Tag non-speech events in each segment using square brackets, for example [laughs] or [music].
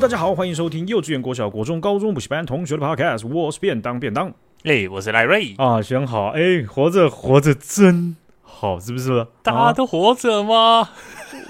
大家好，歡迎收聽幼稚園、國小、國中、高中補習班同學的 Podcast，我是便當便當，哎，我是賴瑞啊，先好哎，活着活着真好，是不是？大家都活着嗎？啊、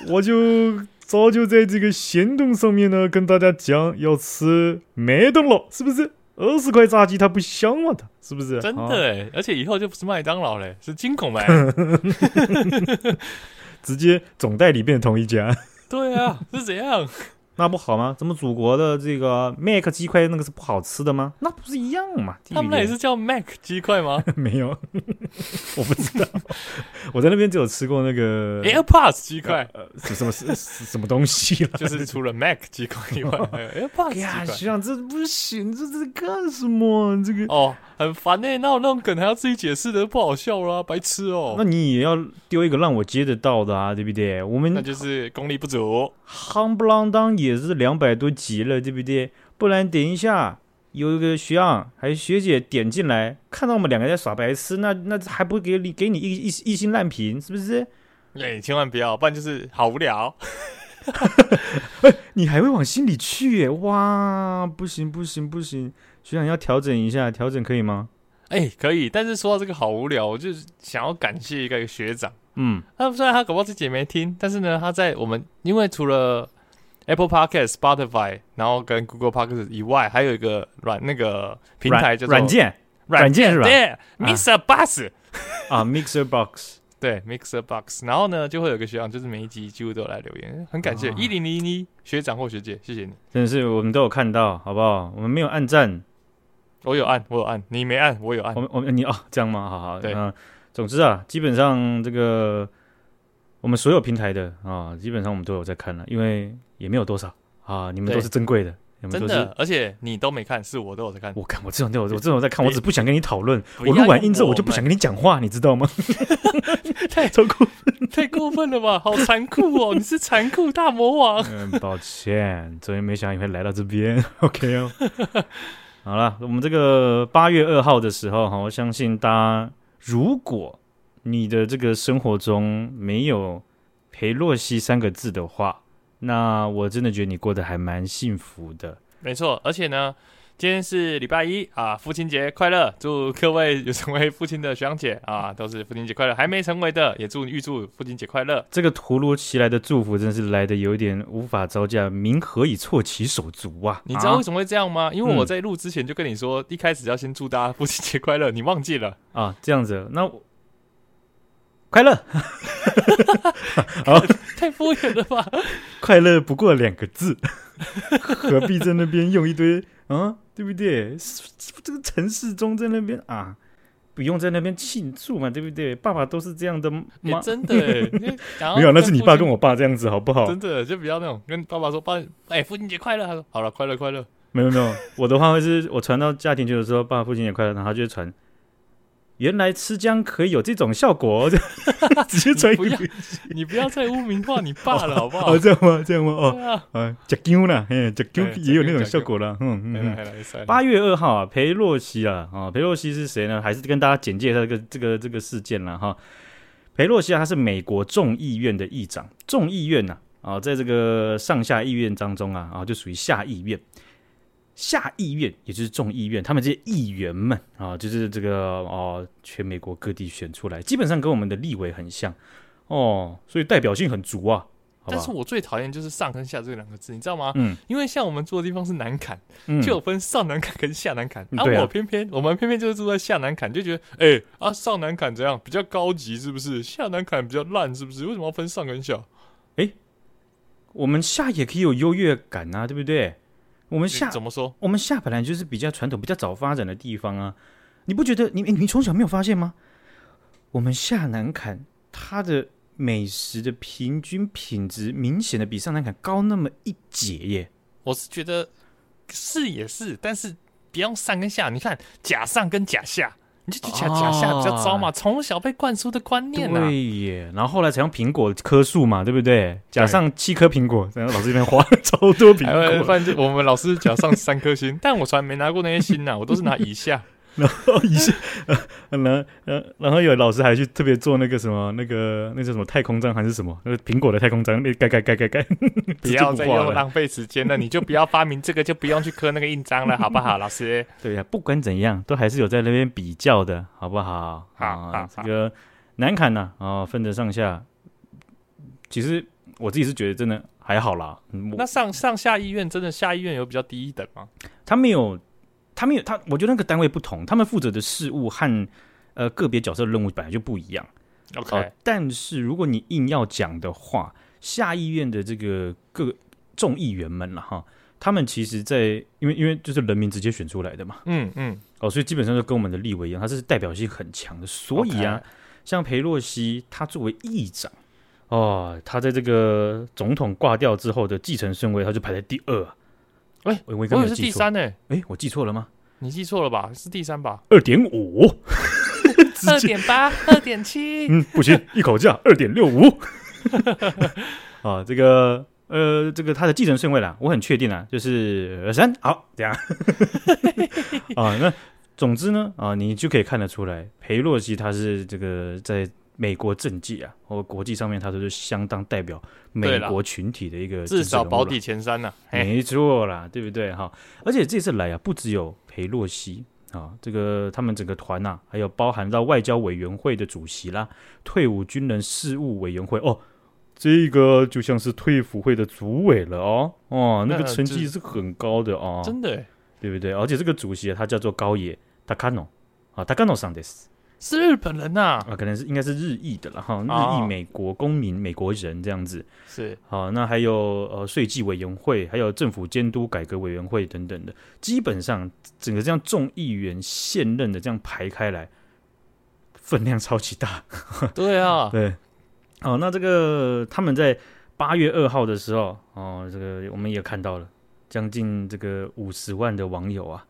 我就早就在這個行動上面呢，跟大家講要吃麥當勞，是不是？二十塊炸雞它不香嗎？它是不是？真的，啊、而且以後就不是麥當勞了，是金拱門， [laughs] [laughs] 直接總代理變同一家，對啊，是這樣。 [laughs] 那不好嗎？怎麼祖國的這個 Mac 雞塊那個是不好吃的嗎？那不是一樣嗎？他們那也是叫 Mac 雞塊嗎？ [laughs] 沒有呵呵，我不知道。 [laughs] 我在那邊只有吃過那個 AirPods 雞塊，呃、啊，是什麼什麼 [laughs] 什麼東西了？就是除了 Mac 雞塊以外，還有 AirPods 雞塊。哎呀 [laughs] 這不行，這在幹什麼？這個哦，很煩呢、欸。那我那種梗還要自己解釋的，不好笑啦、啊，白痴哦、喔。那你也要丟一個讓我接得到的啊，對不對？我們那就是功力不足夯不啷噹也。也是兩百多集了，對不對？不然等一下有一個學長，還有學姐點進來，看到我們兩個人在耍白痴，那那還不給你給你一一一星爛評，是不是？對、欸，千萬不要，不然就是好無聊。 [laughs] [laughs] 欸、你還會往心裡去？哇，不行不行不行，學長要調整一下，調整可以嗎、欸？可以。但是說到這個好無聊，我就是想要感謝一個學長。嗯，他、啊、雖然他搞不好自己沒聽，但是呢，他在我們因為除了 Apple Podcast、Spotify，然後跟 Google Podcast 以外，還有一個軟那個平台就是軟件軟件是吧？軟件、軟件、對，mixer box Boss, 啊，mixer box，對、 [laughs] 啊、mixer box。mixer box，然後呢，就會有個學長，就是每一集幾乎都有來留言，很感謝一零零一學長或學姐，謝謝你，真的是我們都有看到，好不好？我們沒有按讚，我有按，我有按，你沒按，我有按。我們我們，你哦，這樣嗎？好好，對、嗯。總之啊，基本上這個我們所有平台的啊、哦，基本上我們都有在看了，因為。也沒有多少啊，你們都是珍貴的，你們都是，而且你都沒看，是我都有在看。我看我這種都有，我這種在看，我只不想跟你討論。我錄完音之後，我就不想跟你講話，你知道嗎？太過，太過分了吧！好殘酷哦，你是殘酷大魔王。嗯，抱歉，所以沒想到你會來到這邊。OK 哦，好了，我們這個八月二號的時候，哈，我相信大家，如果你的這個生活中沒有“裴洛西”三個字的話，那我真的覺得你過得還蠻幸福的，沒錯。而且呢，今天是禮拜一啊，父親節快樂！祝各位有成為父親的學長姐啊，都是父親節快樂。還沒成為的，也祝預祝父親節快樂。這個突如其來的祝福，真是來的有點無法招架，民何以措其手足啊？你知道為什麼會這樣嗎？啊、因為我在錄之前就跟你說，嗯、一開始要先祝大家父親節快樂，你忘記了啊？這樣子，那我。快樂、 [laughs] 啊，好，太敷衍了吧！ [laughs] 快樂不過兩個字，何必在那邊用一堆啊？對不對？這個城市中在那邊啊，不用在那邊慶祝嘛？對不對？爸爸都是這樣的嗎？欸、真的， [laughs] 沒有，那是你爸跟我爸這樣子，好不好？真的就比較那種跟爸爸說，爸，哎、欸，父親節快樂。他說好了，快樂快樂。沒有沒有，我的話會、就是我傳到家庭就是說爸，爸父親節快樂，然後他就會傳。原來吃薑可以有這種效果，直接吹。不要， [laughs] 你不要再污名化你爸了，好不好、 [laughs] 哦哦？這樣嗎？這樣嗎？哦，嗯、啊，薑薑呢？薑也有那種效果了。嗯嗯八月二號啊，裴洛西啊啊，裴洛西是誰呢？還是跟大家簡介一下這個、這個、這個事件了哈、啊。裴洛西啊，他是美國眾議院的議長，眾議院吶啊，啊，在這個上下議院當中啊啊，就屬於下議院。下議院，也就是眾議院，他們這些議員們啊，就是這個哦、啊，全美國各地選出來，基本上跟我們的立委很像哦，所以代表性很足啊。但是我最討厭就是“上”跟“下”這兩個字，你知道嗎？嗯。因為像我們住的地方是南坎，就有分上南坎跟下南坎。對。而我偏偏我們偏偏就是住在下南坎，就覺得哎、欸、啊，上南坎怎樣比較高級，是不是？下南坎比較爛，是不是？為什麼要分上跟下？哎、欸，我們下也可以有優越感啊，對不對？我們下怎麼說？我們下本來就是比較傳統、比較早發展的地方啊，你不覺得？你你從小沒有發現嗎？我們下南坎它的美食的平均品質明顯的比上南坎高那麼一截耶。我是覺得是也是，但是不用上跟下，你看假上跟假下。就就 [noise] 假假下比較糟嘛，從小被灌輸的觀念吶、啊，對耶。然後後來才用蘋果棵樹嘛，對不對？對對 假上七顆蘋果，然後老師這邊花超多蘋果。反正我們老師假上三顆星，但我從來沒拿過那些星吶、啊，我都是拿以下。 [laughs] [laughs] 然後一些，然後，然後有老師還去特別做那個什麼，那個那叫什麼太空章還是什麼？那個、蘋果的太空章，那蓋蓋蓋蓋蓋，不要再浪費時間了， [laughs] 你就不要發明這個， [laughs] 就不用去刻那個印章了，好不好？老師，對呀、啊，不管怎樣，都還是有在那邊比較的，好不好？好，啊、這個難看吶，哦好、啊啊，分得上下，其實我自己是覺得真的還好啦。嗯、那上上下醫院真的下醫院有比較低一等嗎？他沒有。他們有他，我覺得那個單位不同，他們負責的事務和呃個別角色的任務本來就不一樣。OK，但是如果你硬要講的話，下議院的這個各眾議員們了哈，他們其實，在因為因為就是人民直接選出來的嘛嗯，嗯嗯，哦，所以基本上就跟我們的立委一樣，他是代表性很強的。所以啊，像裴洛西，他作為議長，哦，他在這個總統掛掉之後的繼承順位，他就排在第二。哎，欸、為我以為是第三呢、欸。哎、欸，我記錯了嗎？你記錯了吧？是第三吧？二點五，二點八，二點七，嗯，不行，一口價二點六五。 [laughs] 2. 65? [laughs] 啊，這個，呃，這個他的繼承順位啦，我很確定啊，就是三好這樣。 [laughs] 啊，那總之呢，啊，你就可以看得出來，裴洛西他是這個在。美國政界啊，或國際上面，它都是相當代表美國群體的一個政，至少保底前三吶、啊，沒錯啦，對不對哈、哦？而且這次來啊，不只有裴洛西啊、哦，這個他們整個團吶、啊，還有包含到外交委員會的主席啦，退伍軍人事務委員會哦，這個就像是退伍會的主委了哦，哦，那，那個成績就是很高的哦、啊，真的，對不對？而且這個主席、啊、他叫做高野 Takano 啊 Takano san desu 是日本人吶、啊，啊，可能是應該是日裔的了哈，日裔美國公民、哦、美國人這樣子是。好、啊，那還有呃，稅計委員會，還有政府監督改革委員會等等的，基本上整個這樣眾議員現任的這樣排開來，分量超級大。對啊，呵呵對，哦、啊，那這個他們在八月二號的時候，哦、啊，這個我們也看到了，將近這個五十萬的網友啊。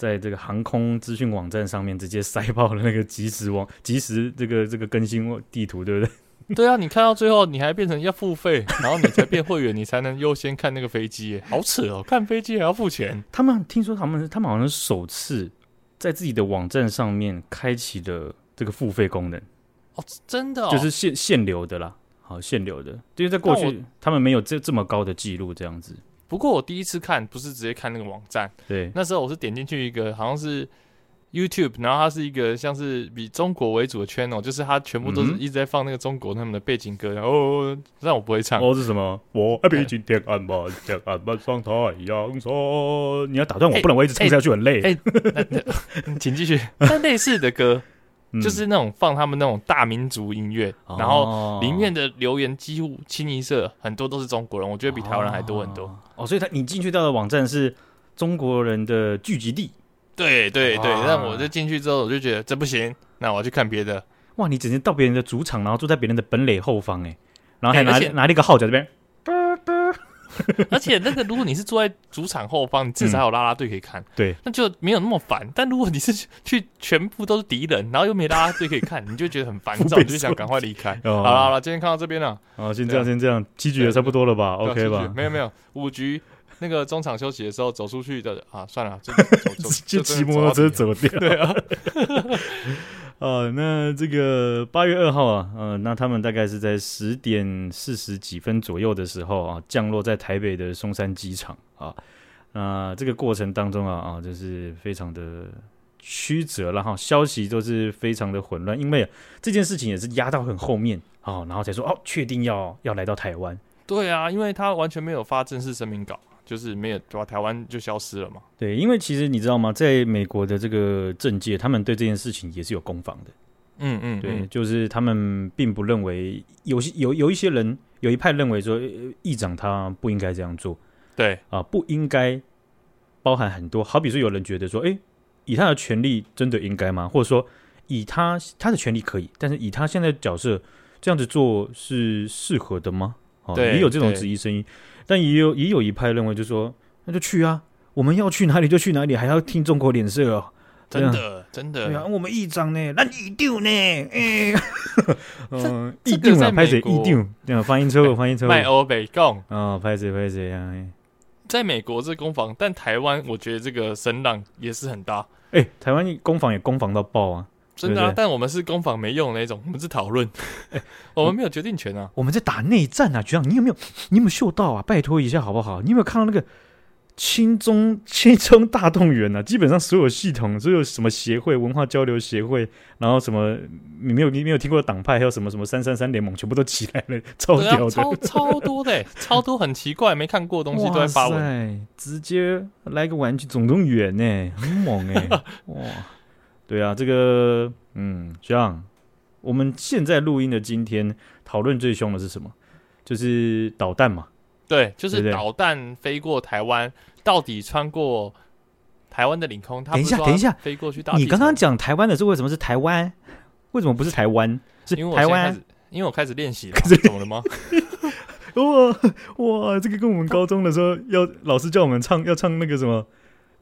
在這個航空資訊網站上面，直接塞爆了那個即時網、即時這個這個更新地圖，對不對？對啊，你看到最後，你還變成要付費， [laughs] 然後你才變會員，你才能優先看那個飛機，好扯哦！ [laughs] 看飛機還要付錢？他們聽說他們他們好像首次在自己的網站上面開啟了這個付費功能、oh, 哦，真的哦，就是限限流的啦，好限流的，因為在過去我他們沒有這這麼高的記錄這樣子。不過我第一次看不是直接看那個網站，對，那時候我是點進去一個好像是 YouTube，然後它是一個像是以中國為主的圈哦，就是它全部都是一直在放那個中國他們的背景歌，嗯、然後讓、哦、我不會唱。哦是什麼？我愛北京天安門，欸、天安門上太陽升。你要打斷我，不然我一直唱下去，很累。哎，請繼續。類似的歌。就是那種放他們那種大民族音樂，嗯、然後裡面的留言幾乎清一色，哦、很多都是中國人，我覺得比台灣人還多很多。哦，所以他你進去到的網站是中國人的聚集地。對對對，哇但我就進去之後，我就覺得這不行，那我要去看別的。哇，你整天到別人的主場，然後坐在別人的本壘後方，哎，然後還拿、欸、拿了一個號角這邊。而且那個，如果你是坐在主場後方，你至少還有拉拉隊可以看，對，那就沒有那麼煩。但如果你是去全部都是敵人，然後又沒拉拉隊可以看，你就覺得很煩躁，你就想趕快離開。好了好了，今天看到這邊了啊，先這樣先這樣，七局也差不多了吧？OK 吧？沒有沒有，五局那個中場休息的時候走出去的啊，算了，就騎摩托車，只能走掉。對啊。呃、啊，那這個八月二號啊，呃、啊，那他們大概是在十點四十幾分左右的時候啊，降落在台北的松山機場啊。那這個過程當中啊，啊，就是非常的曲折了哈，消息都是非常的混亂，因為這件事情也是壓到很後面啊，然後才說哦，確定要要來到台灣。對啊，因為他完全沒有發正式聲明稿。就是沒有抓台灣就消失了嘛？對，因為其實你知道嗎？在美國的這個政界，他們對這件事情也是有攻防的。嗯嗯，嗯對，就是他們並不認為有有有一些人有一派認為說，議長他不應該這樣做。對啊，不應該包含很多。好比說，有人覺得說，誒，以他的權力真的應該嗎？或者說，以他他的權力可以，但是以他現在的角色這樣子做是適合的嗎？對，也有這種質疑聲音，但也有也有一派認為，就是說那就去啊，我們要去哪裡就去哪裡，還要聽中國臉色啊？真的，真的，對啊，我們議長呢，那你丟呢，嗯，一丟啊，拍水一丟，對啊，翻譯錯誤，翻譯錯誤，賣歐北貢啊，拍水拍水，在美國這攻防，但台灣我覺得這個聲浪也是很大，哎，台灣攻防也攻防到爆啊。真的、啊，對對，但我們是攻防沒用那種，我們是討論，我們沒有決定權啊、哎，我們在打內戰啊！局長，你有沒有，你有沒有嗅到啊？拜託一下好不好？你有沒有看到那個青中青中大動員呢、啊？基本上所有系統，所有什麼協會、文化交流協會，然後什麼你沒有你沒有聽過的黨派，還有什麼什麼三三三聯盟，全部都起來了，超屌的，啊、超，超多的、欸， [laughs] 超多很奇怪沒看過東西都在發文，直接來個玩具總動員呢，很猛哎、欸， [laughs] 哇！對啊，這個嗯，這樣我們現在錄音的今天討論最凶的是什麼？就是導彈嘛。對，就是導彈飛過台灣，對對，到底穿過台灣的領空？他等一下，等一下，飛過去。到底你剛剛講台灣的時候為什麼是台灣？為什麼不是台灣？是因為台灣？因為我開始練習了，懂了是嗎？ [laughs] 哇哇，這個跟我們高中的時候，要老師叫我們唱，要唱那個什麼。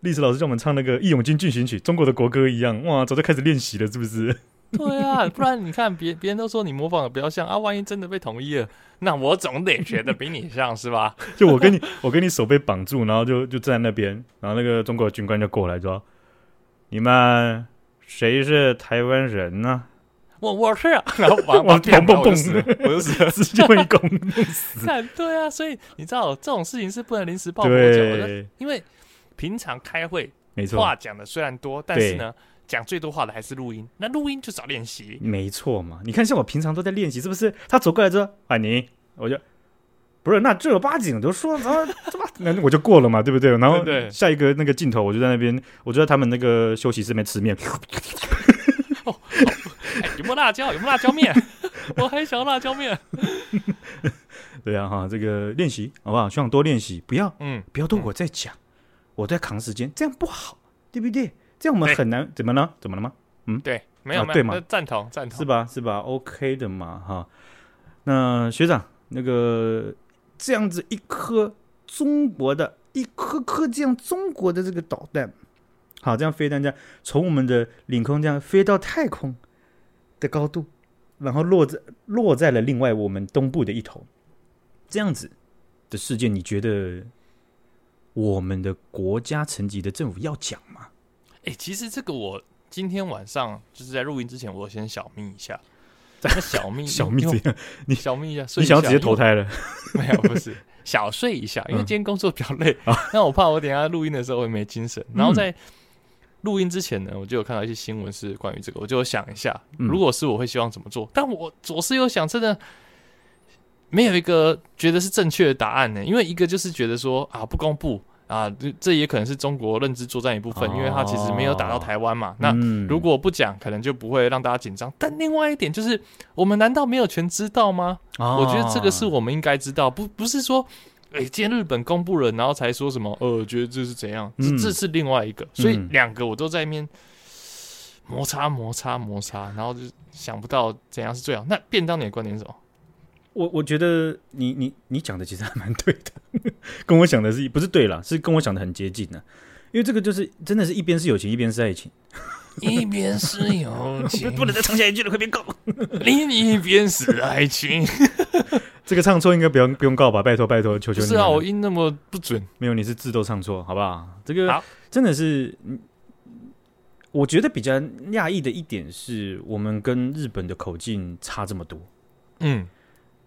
歷史老師叫我們唱那個《義勇軍進行曲》，中國的國歌一樣，哇，早就開始練習了，是不是？對啊，不然你看，別別人都說你模仿的比較像啊，萬一真的被統一了，那我總得覺得比你像是吧？就我跟你，我跟你手被綁住，然後就就站在那邊，然後那個中國的軍官就過來說：“你們誰是台灣人呢？”我我是，然後綁綁蹦蹦死，綁死是這麼一個死。對啊，所以你知道這種事情是不能臨時抱佛腳的，因為。平常開會，沒錯，話講的雖然多，但是呢，講最多話的還是錄音。那錄音就找練習，沒錯嘛。你看，像我平常都在練習，是不是？他走過來之後，啊，你,我就不是那正兒八經都說，怎怎麼，那 [laughs] 我就過了嘛，對不對？然後下一個那個鏡頭，我就在那邊，我就在他們那個休息室裡面吃麵、 [laughs] 哦哦哎。有沒有辣椒？有沒有辣椒麵？ [laughs] 我很喜歡辣椒麵。對啊，哈，這個練習好不好？希望多練習，不要，嗯，不要動我在講。嗯我在扛時間，這樣不好，對不對？這樣我們很難，對怎麼了？怎麼了嗎？嗯，對，沒有，對嗎？贊同，贊同，是吧？是吧？OK 的嘛，哈。那學長，那個這樣子，一顆中國的，一顆顆這樣中國的這個導彈，好，這樣飛彈這樣從我們的領空這樣飛到太空的高度，然後落在落在了另外我們東部的一頭，這樣子的事件，你覺得？我們的國家層級的政府要講嗎？哎、欸，其實這個我今天晚上就是在錄音之前，我先小眯一下。咱小眯 [laughs] 小眯一下，你小眯一下，你想直接投胎了？沒有，不是小睡一下， [laughs] 因為今天工作比較累那、嗯、我怕我等一下錄音的時候會沒精神。好然後在錄音之前呢，我就有看到一些新聞是關於這個，我就有想一下，嗯、如果是我會希望怎麼做？但我左思右想，真的沒有一個覺得是正確的答案呢、欸。因為一個就是覺得說啊，不公布。啊，這這也可能是中國認知作戰一部分，因為它其實沒有打到台灣嘛。哦、那、嗯、如果不講，可能就不會讓大家緊張。但另外一點就是，我們難道沒有全知道嗎？哦、我覺得這個是我們應該知道，不不是說，哎，今天日本公布了，然後才說什麼，呃，覺得這是怎樣，嗯、這，這是另外一個。所以兩個我都在一邊摩擦摩擦摩擦，然後就想不到怎樣是最好。那便當你的觀點是什麼？我我覺得你你你講的其實還蠻對的，跟我想的是不是對了？是跟我想的很接近的、啊，因為這個就是真的是一邊是友情，一邊是愛情。一邊是友情， [laughs] 不能再唱下一句了，快別告。另一邊是愛情， [laughs] 這個唱錯應該不用不用告吧？拜托拜托，求求你。是啊，我音那麼不準，沒有，你是字都唱錯，好不好？這個真的是，好我覺得比較訝異的一點是，我們跟日本的口徑差這麼多。嗯。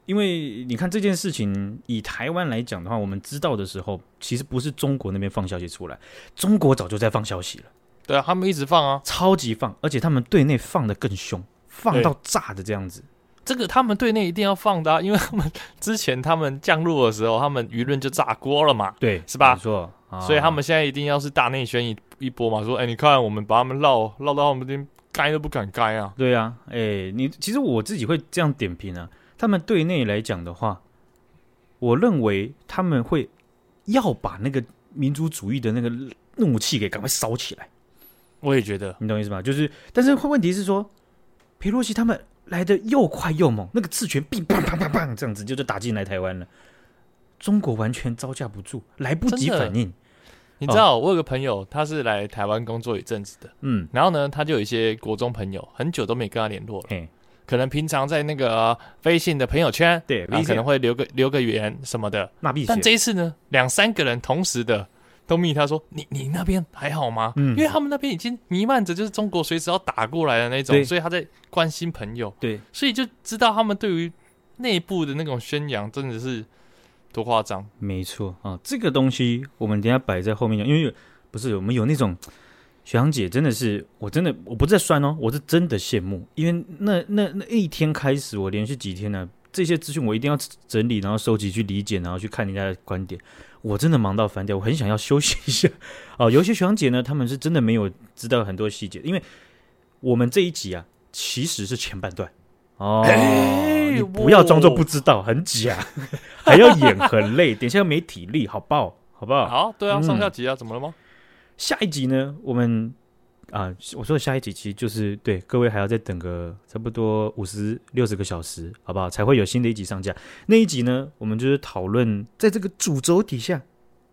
因為你看這件事情，以台灣來講的話，我們知道的時候，其實不是中國那邊放消息出來，中國早就在放消息了。對啊，他們一直放啊，超級放，而且他們對內放的更凶，放到炸的這樣子、欸。這個他們對內一定要放的、啊，因為他們之前他們降落的時候，他們輿論就炸鍋了嘛。對，是吧？沒錯。啊、所以他們現在一定要是大內宣一一波嘛，說，哎、欸，你看我們把他們繞繞到我們這邊，該都不敢該啊。對啊，哎、欸，你其實我自己會這樣點評啊。他們對內來講的話，我認為他們會要把那個民族主義的那個怒氣給趕快燒起來。我也覺得，你懂意思吧？就是，但是問題是說，裴洛西他們來得又快又猛，那個刺拳乒乓乓乓乓這樣子，就是打進來台灣了。中國完全招架不住，來不及反應。你知道，哦、我有個朋友，他是來台灣工作一陣子的，嗯，然後呢，他就有一些國中朋友，很久都沒跟他聯絡了。可能平常在那個微信、呃、的朋友圈，對，然後可能會留個留個言什麼的。那必須。但這一次呢，兩三個人同時的，都密他說：“你你那邊還好嗎？”嗯，因為他們那邊已經瀰漫着就是中國隨時要打過來的那種，對所以他在關心朋友。對，所以就知道他們對於內部的那種宣揚真的是多誇張。沒錯啊，這個東西我們等一下擺在後面講，因為不是我們有那種。學長姐真的是，我真的我不再酸哦，我是真的羨慕，因為那那那一天開始，我連續幾天呢、啊，這些資訊我一定要整理，然後收集，去理解，然後去看人家的觀點，我真的忙到翻掉，我很想要休息一下哦。有些學長姐呢，他們是真的沒有知道很多細節，因為我們這一集啊，其實是前半段哦，欸、你不要裝作不知道，哦、很假，還要演很累， [laughs] 等一下又沒體力，好爆好，好不好？好，對啊，嗯、上下集啊，怎麼了嗎？下一集呢，我們啊、呃，我說下一集，其實就是對各位還要再等個差不多五十六十個小時，好不好？才會有新的一集上架。那一集呢，我們就是討論在這個主軸底下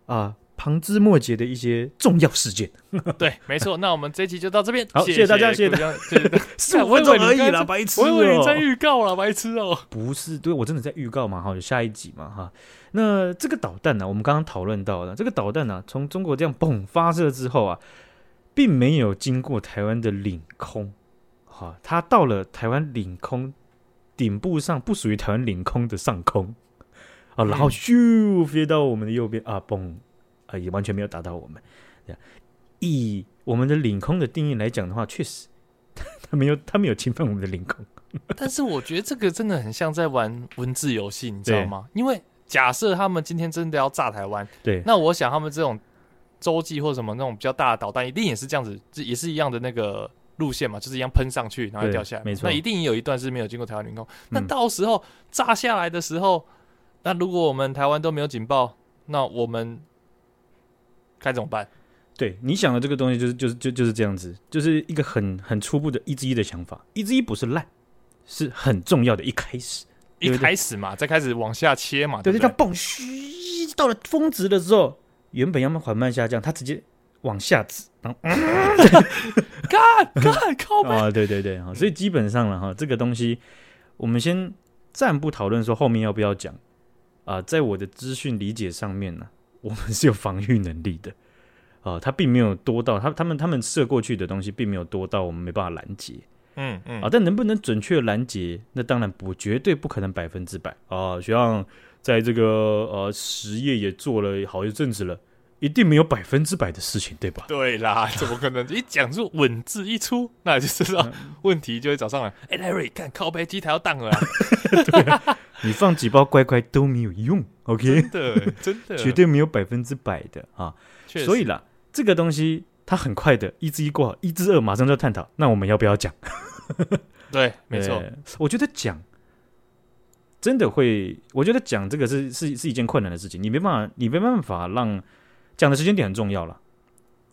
啊。呃旁枝末節的一些重要事件， [laughs] 對，沒錯。那我們這一集就到這邊， [laughs] 好，謝謝，謝謝大家，謝謝。四五 [laughs] 分鐘而已啦，白痴哦！我以為你在預告了，白痴哦！不是，對我真的在預告嘛？哈，有下一集嘛？哈，那這個導彈呢、啊？我們剛剛討論到了這個導彈呢、啊，從中國這樣嘣發射之後啊，並沒有經過台灣的領空，哈，它到了台灣領空頂部上不屬於台灣領空的上空啊，然後咻、嗯、飛到我們的右邊啊，嘣！啊，也完全沒有打到我們。以我們的領空的定義來講的話，確實，他沒有，他沒有侵犯我們的領空。但是我覺得這個真的很像在玩文字遊戲，你知道嗎？對 因為假設他們今天真的要炸台灣，對，那我想他們這種洲際或什麼那種比較大的導彈，一定也是這樣子，也是一樣的那個路線嘛，就是一樣噴上去，然後掉下來。沒錯，那一定有一段是沒有經過台灣領空。那、嗯、到時候炸下來的時候，那如果我們台灣都沒有警報，那我們。該怎麼辦？對，你想的這個東西就是就是就就是這樣子，就是一個很很初步的一之一的想法，一之一不是爛，是很重要的，一開始，一開始嘛，再開始往下切嘛，對，這叫蹦噓，到了峰值的時候，原本要麼緩慢下降，它直接往下走，然後，幹幹靠背啊，對對對啊，所以基本上了哈，這個東西我們先暫不討論，說後面要不要講啊，在我的資訊理解上面呢。我們是有防禦能力的啊、呃，它並沒有多到，它他們他們射過去的東西並沒有多到我們沒辦法攔截。嗯嗯，啊、嗯呃，但能不能準確攔截，那當然不，絕對不可能百分之百啊、呃。像在這個呃實業也做了好一陣子了，一定沒有百分之百的事情，對吧？對啦，怎麼可能？ [laughs] 一講出穩字一出，那就知道、嗯、問題就會找上來。哎、欸、，Larry，看靠北機台要當了啦 [laughs] 對、啊，你放幾包乖乖都沒有用。OK，真的，真的， [laughs] 絕對沒有百分之百的啊。實所以啦，這個東西它很快的，一至一過好，一至二馬上就要探討。那我們要不要講？ [laughs] 對，沒錯，我覺得講真的會，我覺得講這個是是是一件困難的事情，你沒辦法，你沒辦法讓講的時間點很重要了。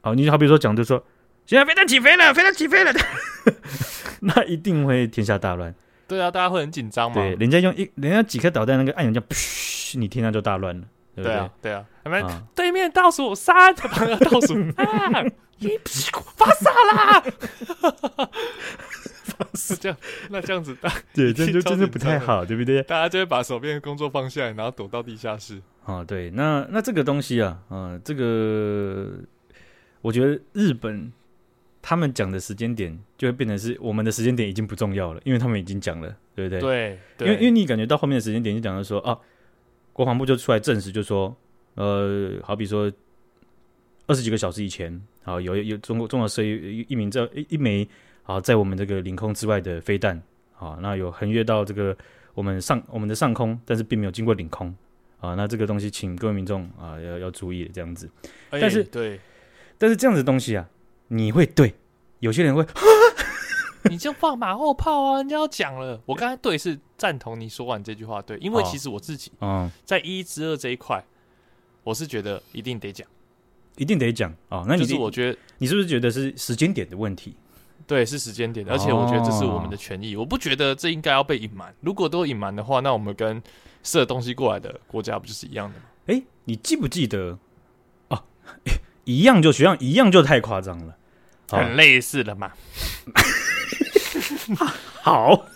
好、啊，你就好比如說講，就說現在飛彈起飛了，飛彈起飛了， [laughs] [laughs] 那一定會天下大亂。對啊，大家會很緊張嘛。對，人家用一，人家幾顆導彈，那個按鈕就“噓”，你聽到就大亂了，對不對？對啊，他們、啊啊、對面倒數三， [laughs] 他把那倒數啊，一屁股發射啦，是這樣？那這樣子大，對，這樣就真的不太好，對不對？大家就會把手邊的工作放下，然後躲到地下室。哦、啊，對，那那這個東西啊，嗯、啊，這個我覺得日本。他們講的時間點就會變成是我們的時間點已經不重要了，因為他們已經講了，對不對？對，對。因為因為你感覺到後面的時間點就講到說啊，國防部就出來證實，就說呃，好比說二十幾個小時以前啊，有有中國中央社一一名這一一枚啊，在我們這個領空之外的飛彈啊，那有橫越到這個我們上我們的上空，但是並沒有經過領空啊，那這個東西，請各位民眾啊要要注意這樣子。但是、欸、對，但是這樣子東西啊。你會對有些人會，你就放馬後炮啊！人家要講了，我剛才對是贊同你說完這句話，對，因為其實我自己啊，在一之二這一塊，我是覺得一定得講，一定得講啊！那就是我覺得，你是不是覺得是時間點的問題？對，是時間點的，而且我覺得這是我們的權益，我不覺得這應該要被隱瞞。如果都隱瞞的話，那我們跟射東西過來的國家不就是一樣的嗎？哎，你記不記得啊？一樣就學樣，一樣就太誇張了，很類似的嘛。 [laughs] 好，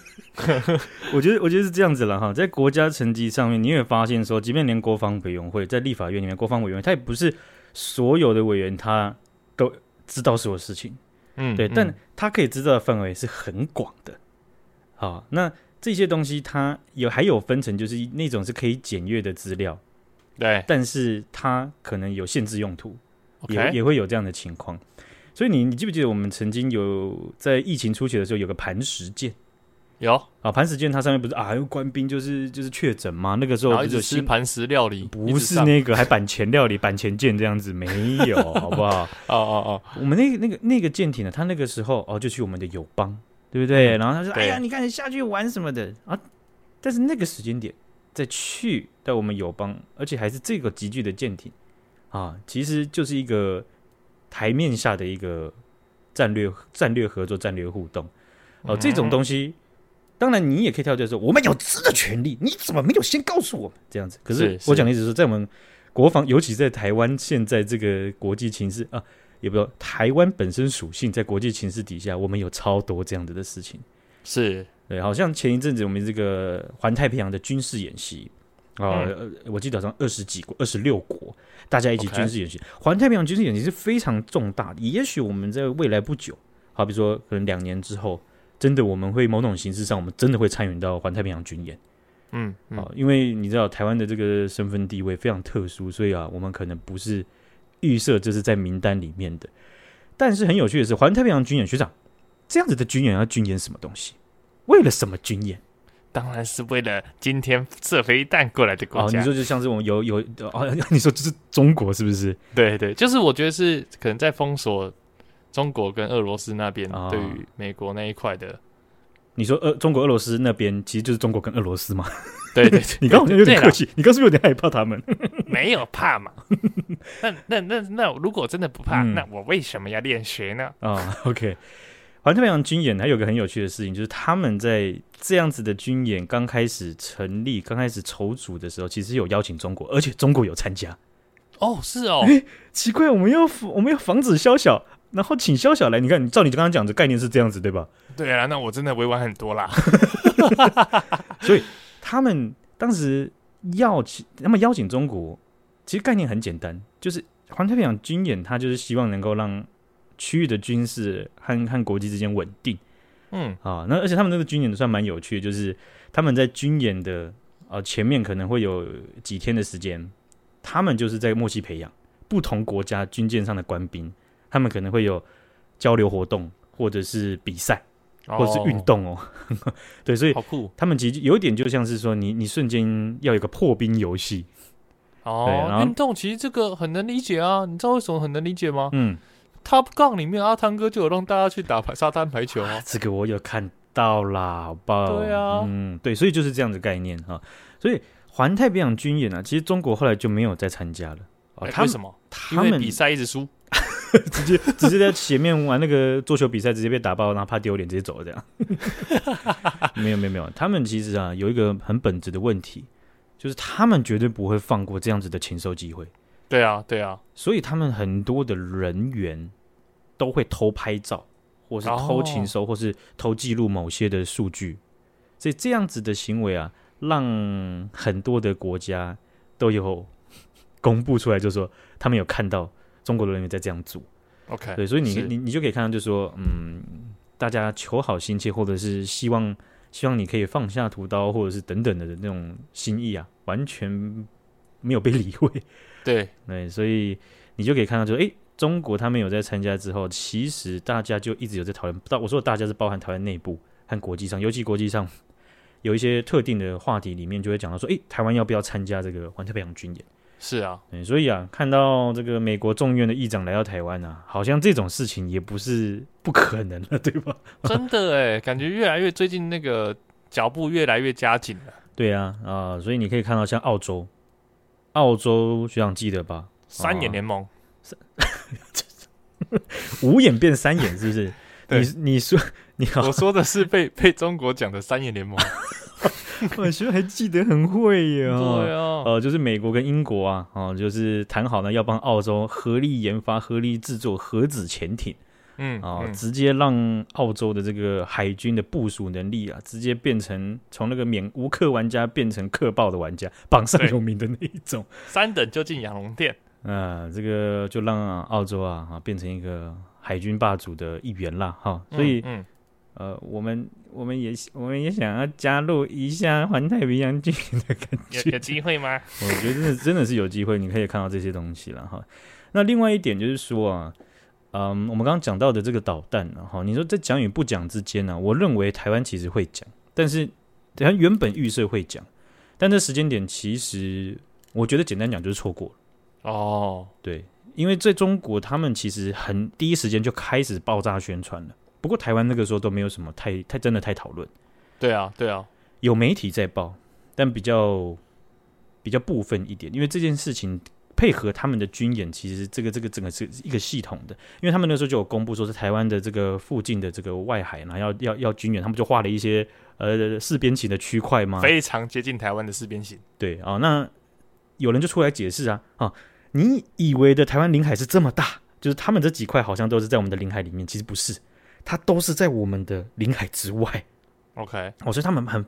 [laughs] 我覺得我覺得是這樣子了哈。在國家層級上面，你會發現說，即便連國防委員會在立法院裡面，國防委員會他也不是所有的委員他都知道所有事情，嗯，對，嗯、但他可以知道的範圍是很廣的。好，那這些東西它有還有分成，就是那種是可以檢閱的資料，對，但是它可能有限制用途。Okay. 也也會有這樣的情況，所以你你記不記得我們曾經有在疫情初期的時候有個磐石艦？有啊，磐石艦它上面不是啊有官兵就是就是確診嗎？那個時候不是新，新磐石料理，不是那個還板前料理、板前艦這樣子沒有， [laughs] 好不好？哦哦哦，我們那個、那個那個艦艇呢、啊，它那個時候哦、啊、就去我們的友邦，對不對？然後他說：“對哎呀，你看你下去玩什麼的啊？”但是那個時間點再去到我們友邦，而且還是這個級距的艦艇。啊，其實就是一個檯面下的一個戰略、戰略合作、戰略互動。哦、啊，這種東西，嗯、當然你也可以跳出來說，我們有知的權利，你怎麼沒有先告訴我們這樣子？可是，是，是我講的意思是，在我們國防，尤其在台灣現在這個國際情勢啊，也不說台灣本身屬性，在國際情勢底下，我們有超多這樣子的事情。是，對，好像前一陣子我們這個環太平洋的軍事演習。啊、哦嗯呃，我記得好像二十幾國、二十六國，大家一起軍事演習。環 Okay. 太平洋軍事演習是非常重大的。也許我們在未來不久，好比說可能兩年之後，真的我們會某種形式上，我們真的會參與到環太平洋軍演。嗯，哦、嗯因為你知道台灣的這個身份地位非常特殊，所以啊，我們可能不是預設這是在名單裡面的。但是很有趣的是，環太平洋軍演學長，這樣子的軍演要軍演什麼東西？為了什麼軍演？當然是為了今天射飛彈過來的國家，哦。你說就像這種有有哦，你說就是中國是不是？對對，就是我覺得是可能在封鎖中國跟俄羅斯那邊，哦、對於美國那一塊的。你說俄、呃、中國俄羅斯那邊其實就是中國跟俄羅斯嘛？對，對對， [laughs] 你剛好像有點客氣，你剛剛是不是有點害怕他們？ [laughs] 沒有怕嘛？那那那那，那那如果真的不怕，嗯、那我為什麼要練習呢？啊、哦、OK。環太平洋軍演還有一個很有趣的事情，就是他們在這樣子的軍演剛開始成立、剛開始籌組的時候，其實有邀請中國，而且中國有參加。哦，是哦、欸，奇怪，我們要我們要防止宵小，然後請宵小來。你看，照你剛剛講的概念是這樣子，對吧？對啊，那我真的委婉很多啦。 [laughs] 所以他們當時要請，那麼邀請中國，其實概念很簡單，就是環太平洋軍演，他就是希望能夠讓。區域的軍事和和國際之間穩定，嗯啊，那而且他們那個軍演算蠻有趣的，就是他們在軍演的、呃、前面可能會有幾天的時間，他們就是在默契培養不同國家軍艦上的官兵，他們可能會有交流活動，或者是比賽，或者是運動哦，哦 [laughs] 對，所以好酷，他們其實有一點就像是說你你瞬間要有個破冰遊戲，哦，然後運動其實這個很能理解啊，你知道為什麼很能理解嗎？嗯。Top 槓裡面，阿、啊、湯哥就有讓大家去打排沙灘排球、哦、啊！這個我有看到啦，好吧？對啊，嗯，對，所以就是這樣的概念哈、啊。所以環太平洋軍演呢、啊，其實中國後來就沒有再參加了哦。啊、他為什麼？他們比賽一直輸、啊，直接直接在前面玩那個桌球比賽， [laughs] 直接被打爆，然後怕丟臉，直接走了這樣。 [laughs] 沒有沒有沒有，他們其實啊，有一個很本質的問題，就是他們絕對不會放過這樣子的禽獸機會。對啊，對啊，所以他們很多的人員都會偷拍照，或是偷情搜，哦、或是偷記錄某些的數據，所以這樣子的行為啊，讓很多的國家都有公布出來，就是說他們有看到中國的人員在這樣做。OK，對，所以你是你你就可以看到，就是說嗯，大家求好心切，或者是希望希望你可以放下屠刀，或者是等等的那種心意啊，完全。沒有被理會對，對對，所以你就可以看到就，就是中國他們有在參加之後，其實大家就一直有在討論。到我說的大家是包含台灣內部和國際上，尤其國際上有一些特定的話題裡面，就會講到說，誒，台灣要不要參加這個環太平洋軍演？是啊，所以啊，看到這個美國眾院的議長來到台灣啊，好像這種事情也不是不可能了，對吧？真的哎， [laughs] 感覺越來越最近那個腳步越來越加緊了。對啊，啊、呃，所以你可以看到，像澳洲。澳洲學長記得吧？三眼聯盟，哦、三 [laughs] 五眼變三眼是不是？ [laughs] 你對你說你好，我說的是被被中國講的三眼聯盟，我 [laughs] 覺得 [laughs] 還記得很會呀、哦。啊、哦，呃，就是美國跟英國啊，哦、就是談好呢，要幫澳洲合力研發、合力制作核子潛艇。哦、嗯啊，嗯直接讓澳洲的這個海軍的部署能力啊，直接變成從那個免無課玩家變成課爆的玩家，榜上有名的那一種，三等就進養龍店。啊、呃、這個就讓澳洲啊啊變成一個海軍霸主的一員啦。哈、哦，所以、嗯嗯、呃，我們我們也我們也想要加入一下環太平洋軍營的感覺，有機會嗎？我覺得真的，真的是有機會，你可以看到這些東西了哈、哦。那另外一點就是說啊。嗯，um, 我們剛剛講到的這個導彈、啊，然後你說在講與不講之間呢、啊，我認為台灣其實會講，但是它原本預設會講，但這時間點其實我覺得簡單講就是錯過了哦。對，因為在中國，他們其實很第一時間就開始爆炸宣傳了。不過台灣那個時候都沒有什麼太太真的太討論。對啊，對啊，有媒體在報，但比較比較部分一點，因為這件事情。配合他們的軍演，其實這個這個整個是一個系統的，因為他們那時候就有公布說，是台灣的這個附近的這個外海呢、啊，要要要軍演，他們就畫了一些呃四邊形的區塊嘛，非常接近台灣的四邊形。對啊、哦，那有人就出來解釋啊啊、哦，你以為的台灣領海是這麼大，就是他們這幾塊好像都是在我們的領海裡面，其實不是，它都是在我們的領海之外。OK，我、哦、所以他們很，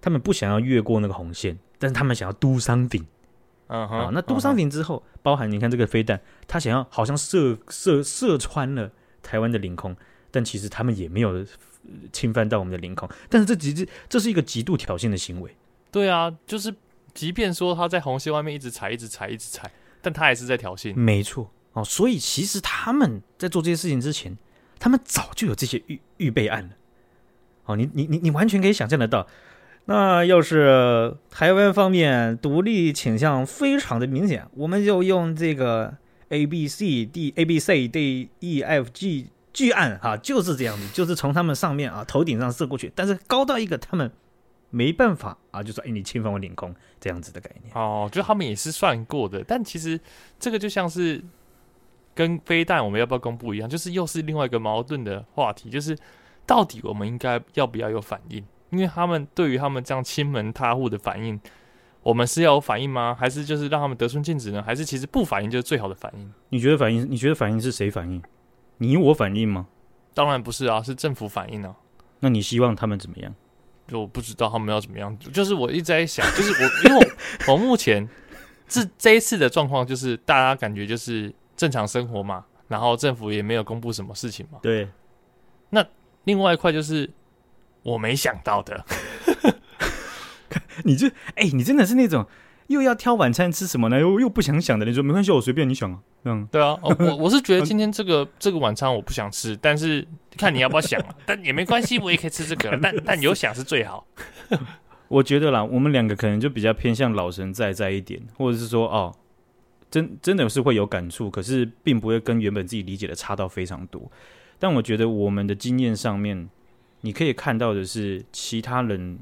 他們不想要越過那個紅線，但是他們想要 do something。嗯，好、uh huh, 哦。那多三點之後，uh huh. 包含你看這個飛彈，他想要好像射射射穿了台灣的領空，但其實他們也沒有侵犯到我們的領空，但是這極這這是一個極度挑釁的行為。對啊，就是即便說他在紅線外面一直踩，一直踩，一直踩，但他還是在挑釁。沒錯，哦，所以其實他們在做這些事情之前，他們早就有這些預預備案了。哦，你你你你完全可以想象得到。那要是台灣方面獨立傾向非常的明顯，我們就用這個 A B C D A B C D E F G 巨案哈、啊，就是這樣子，就是從他們上面啊頭頂上射過去，但是高到一個他們沒辦法啊，就說、欸、你侵犯我領空這樣子的概念。哦，就他們也是算過的，但其實這個就像是跟飛彈我們要不要公布一樣，就是又是另外一個矛盾的話題，就是到底我們應該要不要有反應？因為他們對於他們這樣欺門踏戶的反應，我們是要有反應嗎？還是就是讓他們得寸進尺呢？還是其實不反應就是最好的反應？你覺得反應？你覺得反應是誰反應？你我反應嗎？當然不是啊，是政府反應啊。那你希望他們怎麼樣？就我不知道他們要怎麼樣。就是我一直在想，就是我因為我我目前這 [laughs] 這一次的狀況，就是大家感覺就是正常生活嘛，然後政府也沒有公布什麼事情嘛。對。那另外一塊就是。我沒想到的 [laughs] 你，你這哎，你真的是那種又要挑晚餐吃什麼呢？又又不想想的，你說沒關係，我隨便你想啊。嗯，對啊，我、哦、 [laughs] 我是覺得今天這個這個晚餐我不想吃，但是看你要不要想了， [laughs] 但也沒關係，我也可以吃這個。 [laughs] 但但有想是最好。 [laughs] 我覺得啦，我們兩個可能就比較偏向老神在在一點，或者是說哦，真真的是會有感觸，可是並不會跟原本自己理解的差到非常多。但我覺得我們的經驗上面。你可以看到的是，其他人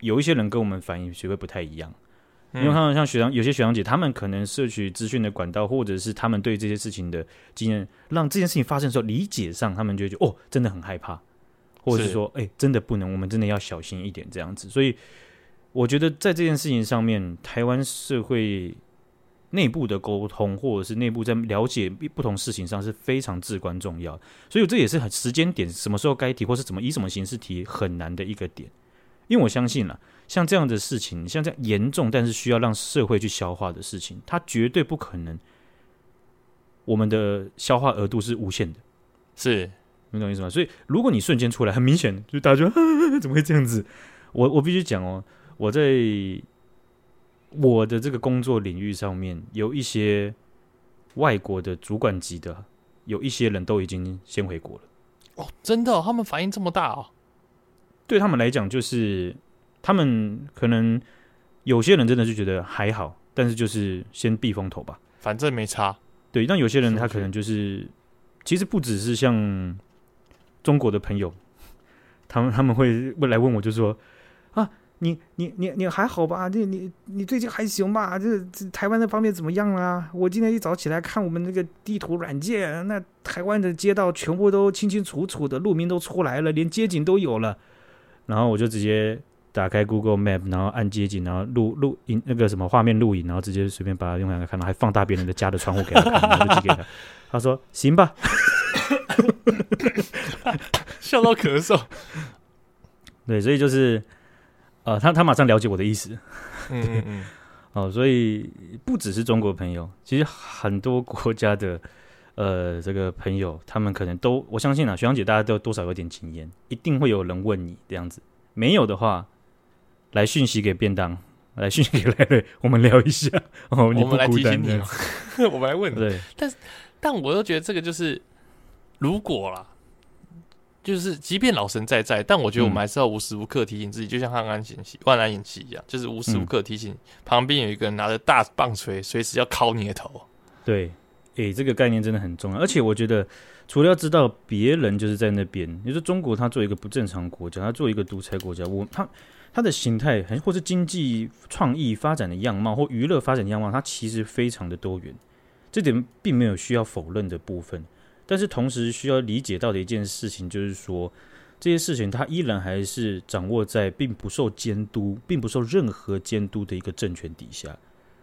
有一些人跟我們反應學會不太一樣，嗯、因為看到像學長有些學長姐，他們可能攝取資訊的管道，或者是他們對這些事情的經驗，讓這件事情發生的時候，理解上他們就覺得哦，真的很害怕，或者是說，哎是、欸，真的不能，我們真的要小心一點這樣子。所以，我覺得在這件事情上面，台灣社會。內部的溝通，或者是內部在了解不同事情上是非常至關重要，所以這也是很時間點，什麼時候該提，或是怎麼以什麼形式提，很難的一個點。因為我相信了，像這樣的事情，像這樣嚴重但是需要讓社會去消化的事情，它絕對不可能，我們的消化額度是無限的，是，你懂意思嗎？所以如果你瞬間出來，很明顯，就大家說，怎麼會這樣子？我我必須講哦，我在。我的這個工作領域上面有一些外國的主管級的，有一些人都已經先回國了。哦，真的，他們反應這麼大哦？對他們來講，就是他們可能有些人真的是覺得還好，但是就是先避風頭吧，反正沒差。對，但有些人他可能就是，其實不只是像中國的朋友，他們他們會來問我，就說。你你你你還好吧？這你你，你最近還行吧？這，這台灣那方面怎麼樣啊？我今天一早起來看我們那個地圖軟件，那台灣的街道全部都清清楚楚的，路名都出來了，連街景都有了。然後我就直接打開 Google Map，然後按街景，然後錄錄影那個什麼畫面錄影，然後直接隨便把他用兩個看到，還放大別人的家的窗戶給他看， [laughs] 就寄給他。他說行吧,， [laughs] [laughs] 笑到咳嗽。對，所以就是。啊、呃，他他馬上了解我的意思，嗯,嗯嗯，哦、 [laughs] 呃，所以不只是中國朋友，其實很多國家的呃這個朋友，他們可能都我相信啊，學長姐大家都有多少有點經驗，一定會有人問你這樣子，沒有的話來訊息給便當，來訊息給賴瑞，我們聊一下哦，你我們來提醒你、啊， [laughs] 我們來問，對，但但我又覺得這個就是如果啦。就是，即便老神在在，但我覺得我們還是要無時無刻提醒自己，嗯、就像安“萬安演習”、“萬安演習”一樣，就是無時無刻提醒、嗯、旁邊有一個人拿着大棒槌，隨時要敲你的頭。對，誒、欸，這個概念真的很重要。而且我覺得，除了要知道別人就是在那邊，你說中國，它作為一個不正常國家，它作為一個獨裁國家，我它它的形態，或是經濟創意發展的樣貌，或娛樂發展的樣貌，它其實非常的多元，這點並沒有需要否認的部分。但是同時需要理解到的一件事情就是說，這些事情它依然還是掌握在並不受監督，並不受任何監督的一個政權底下。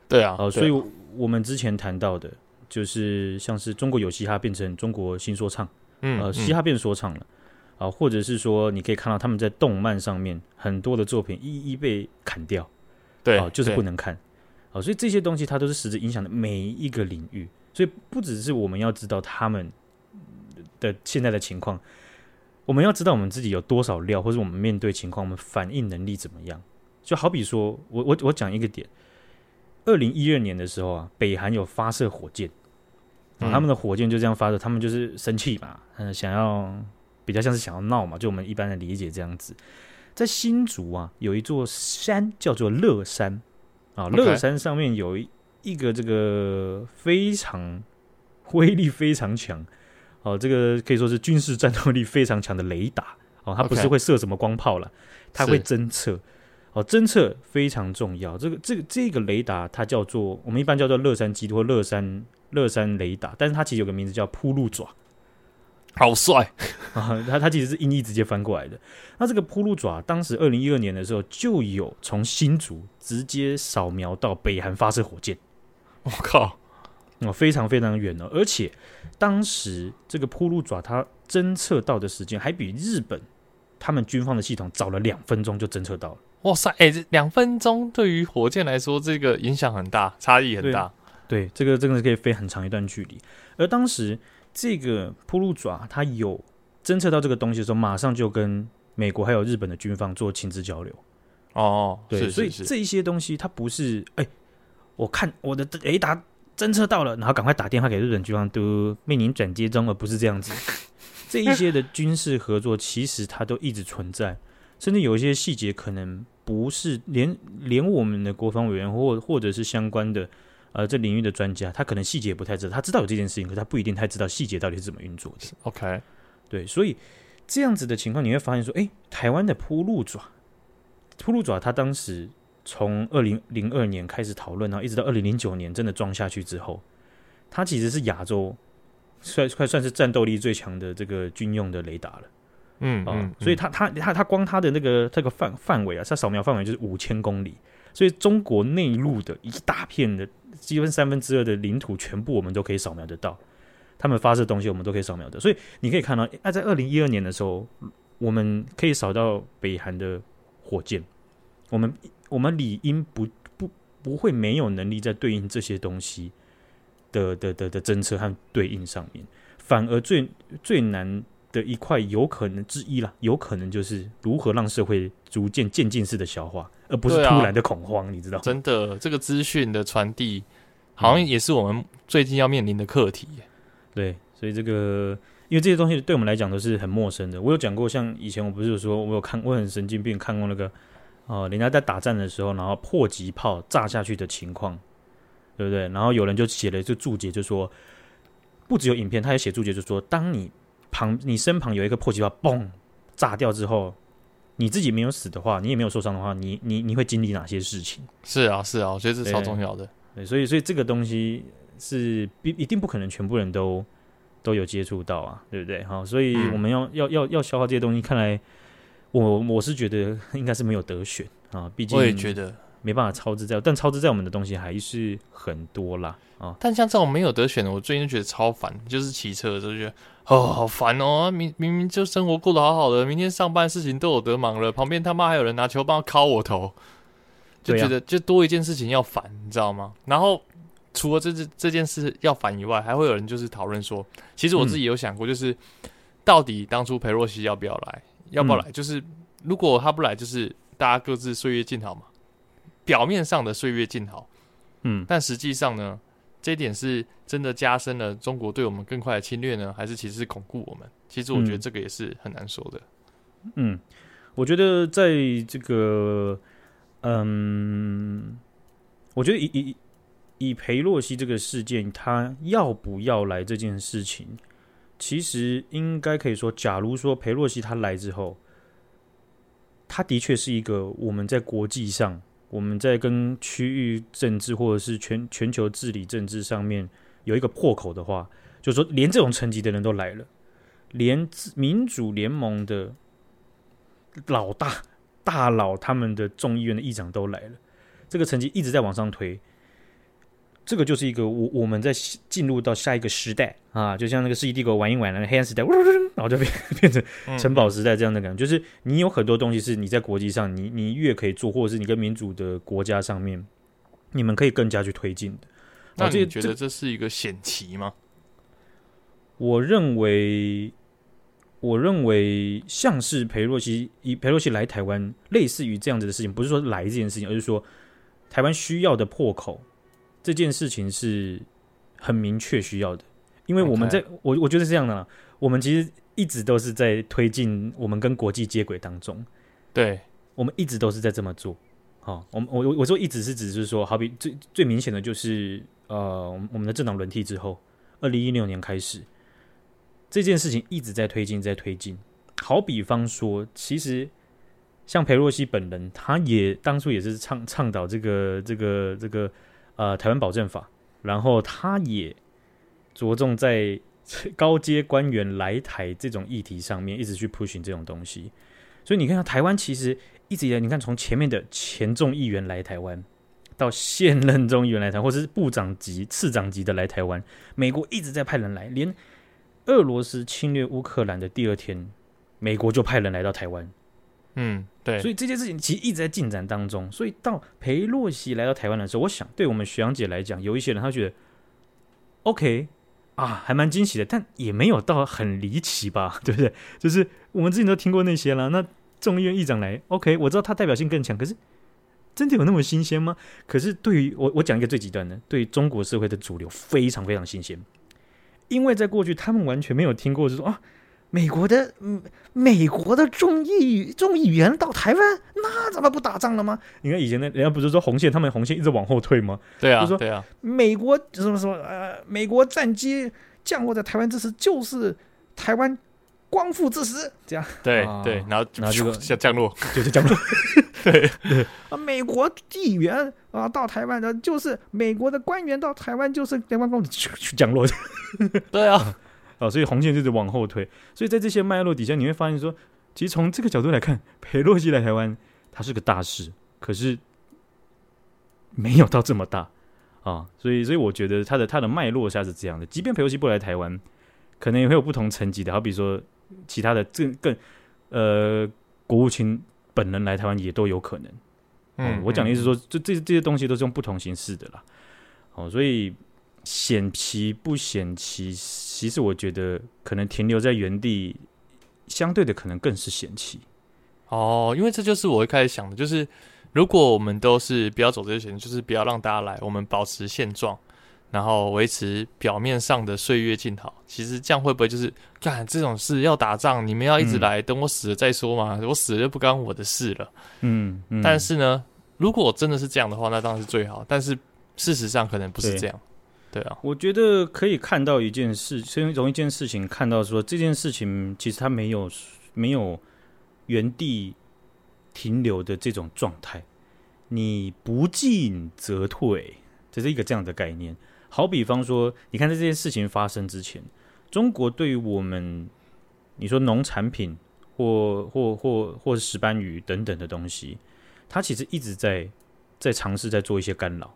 對啊、呃，所以我們之前談到的就是像是中國有嘻哈變成中國新說唱，嗯，呃，嘻哈變說唱了啊、嗯呃，或者是說你可以看到他們在動漫上面很多的作品一一被砍掉，對啊、呃，就是不能看啊對、呃，所以這些東西它都是實質影響的每一個領域，所以不只是我們要知道他們。呃、現在的情況，我們要知道我們自己有多少料，或者我們面對情況，我們反應能力怎麼樣？就好比說，我我我講一個點，二零一二年的時候啊，北韓有發射火箭，啊嗯、他們的火箭就這樣發射，他們就是生氣嘛，嗯、呃，想要比較像是想要鬧嘛，就我們一般的理解這樣子。在新竹啊，有一座山叫做樂山啊，樂 Okay 山上面有一一個這個非常威力非常強。哦，這個可以說是軍事戰鬥力非常強的雷達哦，它不是會射什麼光炮了，Okay. 它會偵測。是哦，偵測非常重要。這個、這個、這個雷達，它叫做我們一般叫做樂山基地或樂山樂山雷達，但是它其實有個名字叫鋪路爪，好帥啊、哦！它它其實是音譯直接翻過來的。 [laughs] 那這個鋪路爪，當時二零一二年的時候就有從新竹直接掃描到北韓發射火箭，我靠！哦，非常非常遠了、哦，而且當時這個鋪路爪它偵測到的時間還比日本他們軍方的系統早了兩分鐘就偵測到了。哇塞，哎、欸，兩分鐘對於火箭來說這個影響很大，差異很大對。對，這個真的是可以飛很長一段距離。而當時這個鋪路爪它有偵測到這個東西的時候，馬上就跟美國還有日本的軍方做情資交流。哦，是是是是對，所以這一些東西它不是，哎、欸，我看我的雷達。欸打偵測到了，然後趕快打電話給日本軍方，都為您轉接中，而不是這樣子。這一些的軍事合作，其實它都一直存在，甚至有一些細節可能不是連連我們的國防委員或或者是相關的呃這領域的專家，他可能細節不太知道，他知道有這件事情，可是他不一定太知道細節到底是怎麼運作的。OK，對，所以這樣子的情況你會發現說，誒、欸，台灣的鋪路爪，鋪路爪，他當時。從二零零二年開始討論，然後一直到二零零九年真的裝下去之後，它其實是亞洲算快算，算是戰鬥力最強的這個軍用的雷達了。嗯啊，嗯，所以它它它它光它的那個這個范範圍啊，它掃描範圍就是五千公里，所以中國內陸的一大片的，嗯、基本三分之二的領土全部我們都可以掃描得到，他們發射的東西我們都可以掃描的。所以你可以看到，那、欸啊、在二零一二年的時候，我們可以掃到北韓的火箭，我們。我們理應不不不會沒有能力在對應這些東西的的的的，的政策和對應上面，反而最最難的一塊有可能之一啦，有可能就是如何讓社會逐漸漸進式的消化，而不是突然的恐慌。啊、你知道嗎？真的，這個資訊的傳遞好像也是我們最近要面臨的課題。嗯、對，所以這個因為這些東西對我們來講都是很陌生的。我有講過，像以前我不是有說，我有看我很神經病看過那個。哦，人家在打仗的時候，然後迫擊炮炸下去的情況，對不對？然後有人就寫了一個注解就，就說不只有影片，他也寫注解，就說：當你旁你身旁有一個迫擊炮嘣炸掉之後，你自己沒有死的話，你也沒有受傷的話，你你你，你會經歷哪些事情？是啊，是啊，我覺得這超重要的。對，對，所以所以這個東西是必一定不可能全部人都都有接觸到啊，對不對？好，所以我們要、嗯、要要要消化這些東西，看來。我我是覺得應該是沒有得選啊，畢竟我也覺得沒辦法操之在，但操之在我們的東西還是很多啦啊。但像這種沒有得選的，我最近就覺得超煩，就是騎車的時候覺得哦，好煩哦，明明明就生活過得好好的，明天上班事情都有得忙了，旁邊他媽還有人拿球棒敲我頭，就覺得、啊、就多一件事情要煩，你知道嗎？然後除了這這這件事要煩以外，還會有人就是討論說，其實我自己有想過，就是、嗯、到底當初裴洛西要不要來？要不要來？就是、嗯、如果他不來，就是大家各自歲月靜好嘛。表面上的歲月靜好，嗯，但實際上呢，這一點是真的加深了中國對我們更快的侵略呢，還是其實是鞏固我們？其實我覺得這個也是很難說的。嗯，我覺得在這個，嗯，我覺得以以以裴洛西這個事件，他要不要來這件事情。其實應該可以說，假如說裴洛西他來之後，他的確是一個我們在國際上、我們在跟區域政治或者是全全球治理政治上面有一個破口的話，就是說連這種層級的人都來了，連民主聯盟的老大大佬他們的眾議院的議長都來了，這個層級一直在往上推。這個就是一個我我們在進入到下一個時代啊，就像那個世紀帝國玩一玩那個黑暗時代，嗚嗚嗚，然後就變變成城堡時代這樣的感覺。嗯嗯、就是你有很多東西是你在國際上你，你你越可以做，或者是你跟民主的國家上面，你們可以更加去推進的。那你覺得這是一個險棋嗎、啊？我認為，我認為像是裴洛西以裴洛西來台灣，類似於這樣子的事情，不是說來這件事情，而是說台灣需要的破口。這件事情是很明確需要的，因為我們在 Okay. 我我覺得是這樣的，我們其實一直都是在推進我們跟國際接軌當中，對我們一直都是在這麼做。哈、哦，我我我說一直是只是說，好比最最明顯的就是呃，我們的政黨輪替之後，二零一六年開始這件事情一直在推進，在推進。好比方說，其實像裴洛西本人，他也當初也是倡倡導這個這個這個。這個呃，台灣保證法，然後他也着重在高階官員來台這種議題上面，一直去 push 這種東西。所以你看看，台灣其實一直以來，你看從前面的前眾議員來台灣，到現任眾議員來台，或者是部長級、次長級的來台灣，美國一直在派人來，連俄羅斯侵略烏克蘭的第二天，美國就派人來到台灣。嗯，對，所以這件事情其實一直在進展當中。所以到裴洛西來到台灣的時候，我想，對我們徐陽姐來講，有一些人他覺得，OK 啊，還蠻驚喜的，但也沒有到很離奇吧，對不對？就是我們之前都聽過那些了。那眾議院議長來，OK，我知道他代表性更強，可是真的有那麼新鮮嗎？可是對於我，我講一個最極端的，對於中國社會的主流非常非常新鮮，因為在過去他們完全沒有聽過，是說啊。美國的，嗯，美國的眾議眾議員到台灣，那怎麼不打仗了嗎？你看以前的人家不是說紅線，他們紅線一直往後退嗎？對啊，就說對啊，美國什麼什麼呃，美國戰機降落在台灣之時，就是台灣光復之時，這樣對對，然後、啊、然後下降落就是降落，對，對啊，美國議員啊、呃、到台灣的，就是美國的官員到台灣，就是台灣光復降落， [laughs] 對啊。啊、哦，所以紅線就是往後推，所以在這些脈絡底下，你會發現說，其實從這個角度來看，裴洛西來台灣，它是個大事，可是沒有到這麼大啊、哦。所以，所以我覺得它的它的脈絡下是這樣的。即便裴洛西不來台灣，可能也會有不同層級的。好比說，其他的這更呃國務卿本人來台灣也都有可能。嗯，我講的意思說，這這這些東西都是用不同形式的啦。哦，所以。險棋不險棋，其實我覺得可能停留在原地，相對的可能更是險棋。哦，因為這就是我一開始想的，就是如果我們都是不要走這些選擇，就是不要讓大家來，我們保持現狀，然後維持表面上的歲月靜好。其實這樣會不會就是幹這種事要打仗？你們要一直來，嗯、等我死了再說嘛，我死了就不干我的事了。嗯，嗯，但是呢，如果真的是這樣的話，那當然是最好。但是事實上可能不是這樣。對啊，我覺得可以看到一件事，先從一件事情看到說這件事情，其實它沒有沒有原地停留的這種狀態。你不進則退，這是一個這樣的概念。好比方說，你看在這件事情發生之前，中國對於我們你說農產品或或或或是石斑魚等等的東西，它其實一直在在嘗試在做一些干擾。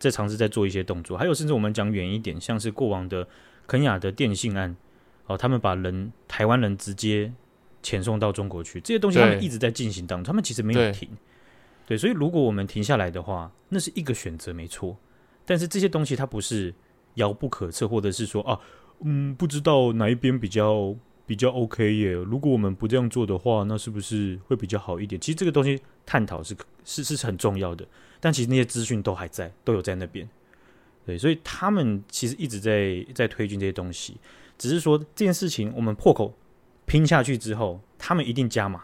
在嘗試在做一些動作，還有甚至我們講遠一點，像是過往的肯亞的電信案，哦、呃，他們把人台灣人直接遣送到中國去，這些東西他們一直在進行當中，對他們其實沒有停。對，對，所以如果我們停下來的話，那是一個選擇，沒錯。但是這些東西它不是遙不可測，或者是說啊，嗯，不知道哪一邊比較比較 OK 耶？如果我們不這樣做的話，那是不是會比較好一點？其實這個東西探討是可。是是很重要的，但其實那些資訊都還在，都有在那邊。對，所以他們其實一直在在推進這些東西，只是說這件事情我們破口拼下去之後，他們一定加碼，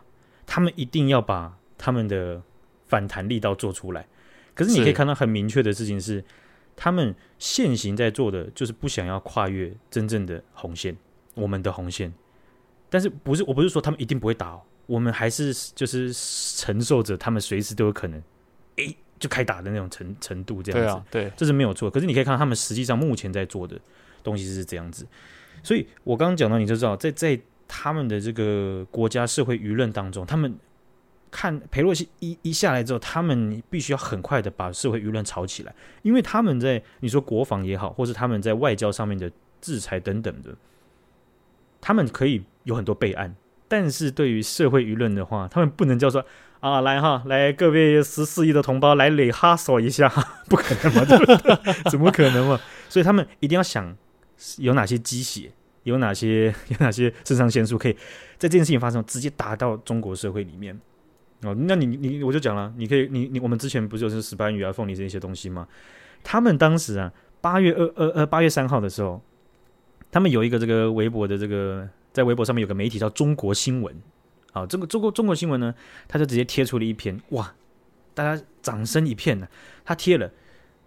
他們一定要把他們的反彈力道做出來。可是你可以看到很明確的事情是，是他們現行在做的就是不想要跨越真正的紅線，我們的紅線。但是不是？我不是說他們一定不會打哦。我們還是就是承受着他們隨時都有可能，誒、欸，就開打的那種程程度這樣子，對，啊、對，這是沒有錯。可是你可以看到他們實際上目前在做的東西是這樣子，所以我剛剛講到你就知道，在在他們的這個國家社會輿論當中，他們看裴洛西一一下來之後，他們必須要很快的把社會輿論炒起來，因為他們在你說國防也好，或是他們在外交上面的制裁等等的，他們可以有很多備案。但是對於社會輿論的話，他們不能叫說啊，來哈來，各位十四億的同胞來累哈索一下，不可能嘛，對不對？ [laughs] 怎麼可能嘛？所以他們一定要想有哪些雞血，有哪些有哪些腎上腺素，可以在這件事情發生，直接打到中國社會裡面哦，那你你我就講了，你可以你你我們之前不是有是石斑魚啊、鳳梨這些東西嗎？他們當時啊，八月二二呃八月三號的時候，他們有一個這個微博的這個。在微博上面有個媒體叫中國新聞啊，好，這個中國中國新聞呢，他就直接貼出了一篇，哇，大家掌聲一片呢啊。他貼了，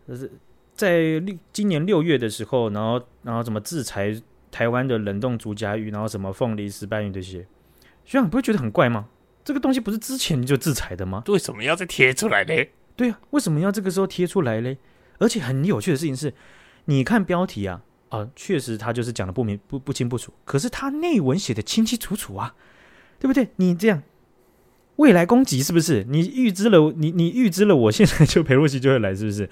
就是在六今年六月的時候，然後然後什麼制裁台灣的冷凍竹莢魚，然後什麼鳳梨、石斑魚這些，學長不會覺得很怪嗎？這個東西不是之前就制裁的嗎？為什麼要再貼出來嘞？對啊，為什麼要這個時候貼出來嘞？而且很有趣的事情是，你看標題啊。啊，呃，確實，他就是講的不明不不清不楚，可是他內文寫的清清楚楚啊，對不對？你這樣未來攻擊是不是？你預知了，你你預知了，我現在就裴洛西就會來，是不是？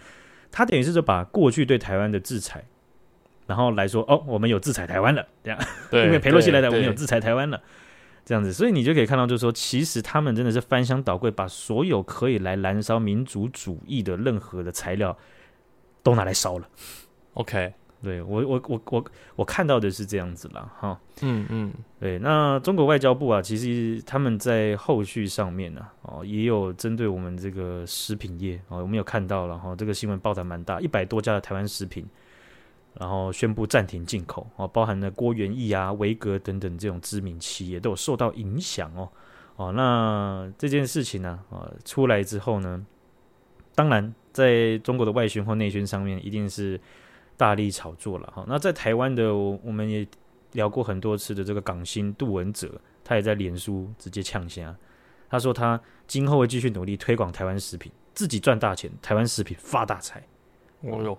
他等於是就說把過去對台灣的制裁，然後來說，哦，我們有制裁台灣了，這樣，對因為裴洛西來了，對我們有制裁台灣了，這樣子，所以你就可以看到，就是說，其實他們真的是翻箱倒櫃，把所有可以來燃燒民族主,主義的任何的材料都拿來燒了，OK。對，我我我我我看到的是這樣子啦，哈、嗯，嗯嗯，對，那中國外交部啊，其實他們在後續上面呢、啊，哦，也有針對我們這個食品業，哦、我們有看到了哈、哦，這個新聞報道蠻大，一百多家的台灣食品，然後宣布暫停進口，哦、包含了郭元益啊、維格等等這種知名企業都有受到影響，哦，哦，那這件事情呢、啊，啊、哦，出來之後呢，當然在中國的外宣或內宣上面一定是、嗯。大力炒作了哈，那在台灣的我們也聊過很多次的這個港星杜汶澤，他也在臉書直接嗆下，他說他今後會繼續努力推廣台灣食品，自己賺大錢，台灣食品發大財。哦喲呦，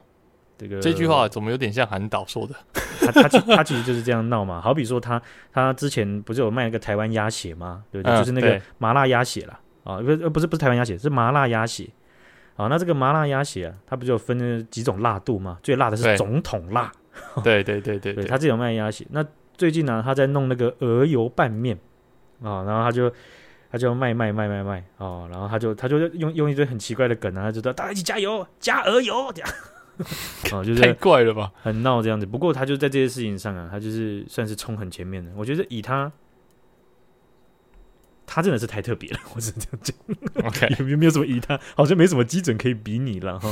這個這句話怎麼有點像韓導說的？他他他其實就是這樣鬧嘛， [laughs] 好比說他他之前不是有賣一個台灣鴨血嗎？對不對？嗯、就是那個麻辣鴨血了對啊，不是呃不是不是台灣鴨血，是麻辣鴨血。好，那這個麻辣鴨血、啊，它不就分了幾種辣度嗎？最辣的是總統辣。對對對對，對，對， [laughs] 對，對他自己有賣鴨血。那最近呢，啊，他在弄那個鵝油拌麵啊，哦，然後他就他就賣賣賣賣賣啊，哦，然後他就他就用用一堆很奇怪的梗啊，他就說大家一起加油，加鵝油，這樣啊，就是太怪了吧，很鬧這樣子。不過他就在這些事情上啊，他就是算是衝很前面的。我覺得以他。他真的是太特別了，我是這樣講 Okay， [laughs] 有沒沒有什麼疑，他好像沒什麼基準可以比擬了哈。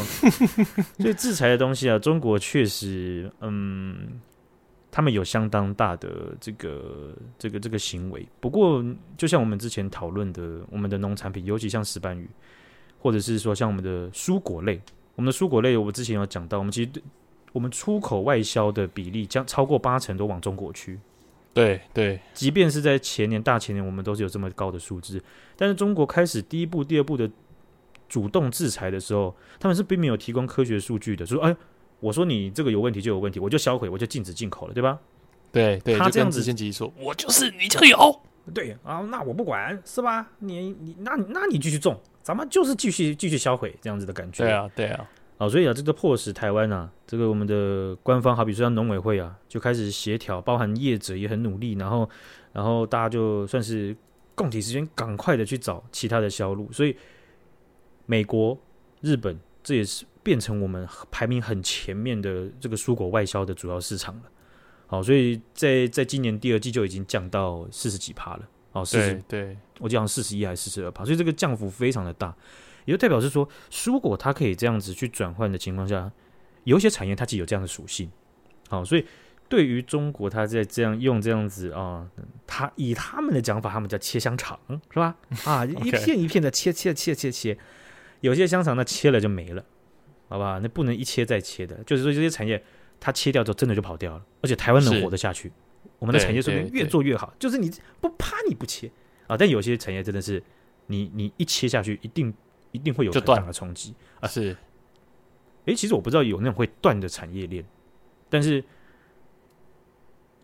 所以制裁的東西啊，中國確實，嗯，他們有相當大的這個這個這個行為。不過，就像我們之前討論的，我們的農產品，尤其像石斑魚，或者是說像我們的蔬果類，我們的蔬果類，我之前有講到，我們其實我們出口外銷的比例將超過八成都往中國去。對對，對，即便是在前年、大前年，我們都是有這麼高的數字。但是中國開始第一步、第二步的主動制裁的時候，他們是並沒有提供科學數據的，說哎，我說你這個有問題就有問題，我就銷毀，我就禁止進口了，對吧？對對，對他這樣子先接說，就急我就是你就有，對啊，那我不管是吧，你你，你那那你繼續種，咱們就是繼續繼續銷毀這樣子的感覺。對啊，對啊。哦，所以啊，這個迫使台灣啊，這個我們的官方，好比說像農委會啊，就開始協調，包含業者也很努力，然後，然後大家就算是共體時艱，趕快的去找其他的銷路。所以，美國、日本，這也是變成我們排名很前面的這個蔬果外銷的主要市場了。好，所以在在今年第二季就已經降到四十幾趴了。哦，四十對，對我記成四十一還是四十二趴，所以這個降幅非常的大。也就代表是說，蔬果它可以這樣子去轉換的情況下，有些產業它就有這樣的屬性，好、哦，所以對於中國，它在這樣用這樣子啊，他、哦、以他們的講法，他們叫切香腸，是吧？啊，一片一片的切 [laughs] 切切切切，有些香腸呢切了就沒了，好吧？那不能一切再切的，就是說這些產業它切掉之後真的就跑掉了，而且台灣能活得下去，是我們的產業說不定越做越好，就是你不怕你不切啊，但有些產業真的是你你一切下去一定。一定會有很大的衝擊斷啊！是，誒、欸，其實我不知道有那種會斷的產業鏈，但是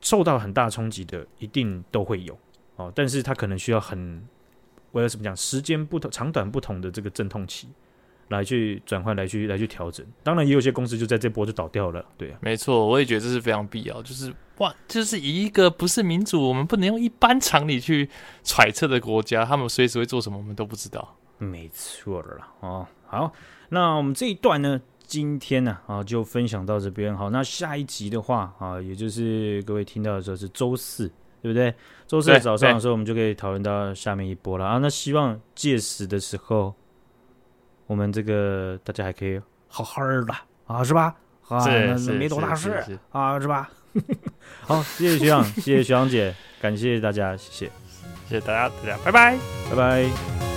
受到很大衝擊的一定都會有哦，但是它可能需要很我要怎麼講，時間不同、長短不同的這個陣痛期來去轉換、來去來去調整。當然，也有些公司就在這波就倒掉了。對啊，沒錯，我也覺得這是非常必要。就是哇，就是以一個不是民主，我們不能用一般常理去揣測的國家，他們隨時會做什麼，我們都不知道。沒錯了，啊、哦，好，那我們這一段呢，今天呢啊，就分享到這邊好，那下一集的話啊，也就是各位聽到的時候是周四，對不對？周四的早上的時候，我們就可以討論到下面一波了啊。那希望屆時的時候，我們這個大家還可以好好的啊，是吧？啊，是沒多大事啊，是吧？ [laughs] 好，謝謝學長，謝謝學長姐， [laughs] 感謝大家，謝謝，謝謝大家，大家拜拜，拜拜。拜拜。